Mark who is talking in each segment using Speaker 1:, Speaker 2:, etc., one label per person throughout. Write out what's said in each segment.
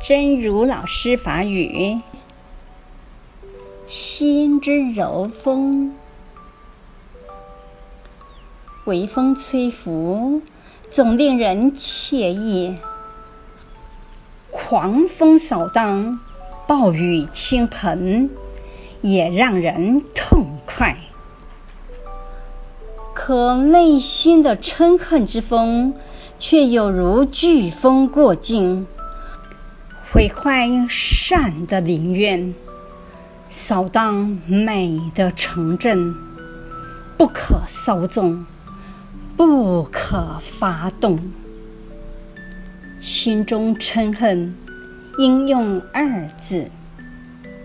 Speaker 1: 真如老師法語，心之柔風，微風吹拂，總令人愜意；狂風掃蕩，暴雨傾盆，也讓人痛快。可內心的嗔恨之風，卻有如颶風過境。毀壞善的林苑，掃蕩美的城鎮，不可稍縱，不可發動。心中嗔恨，應用二字：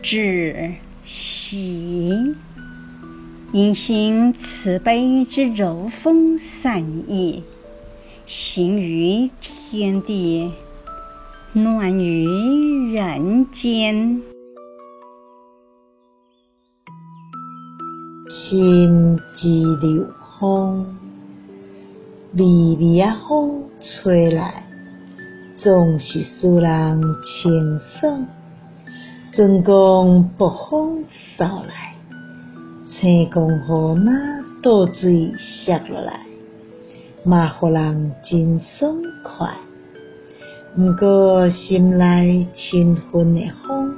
Speaker 1: 止息。應興慈悲之柔風善意，行於天地。暖於人間，
Speaker 2: 心之柔風，微微風吹來，總是使人清爽。春光不風掃來，春光和那多嘴歇落來，嘛乎人真爽快。不過，心內瞋恨的風，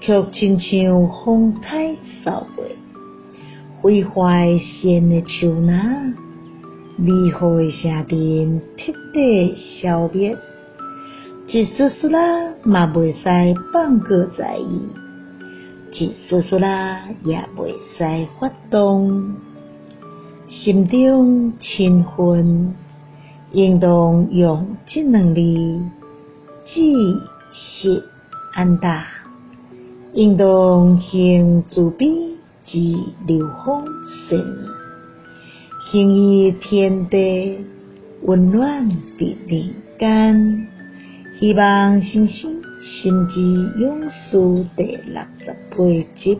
Speaker 2: 卻親像風台掃過，毀壞善的樹林的，美好城鎮徹底消滅。一絲絲啦，嘛袂使放過在意；一絲絲啦，也袂使發動。心中瞋恨，應用二字：止、息。應興慈悲之柔風善意，行於天地，溫暖的人間。希望新生心之
Speaker 1: 勇士第六十八集。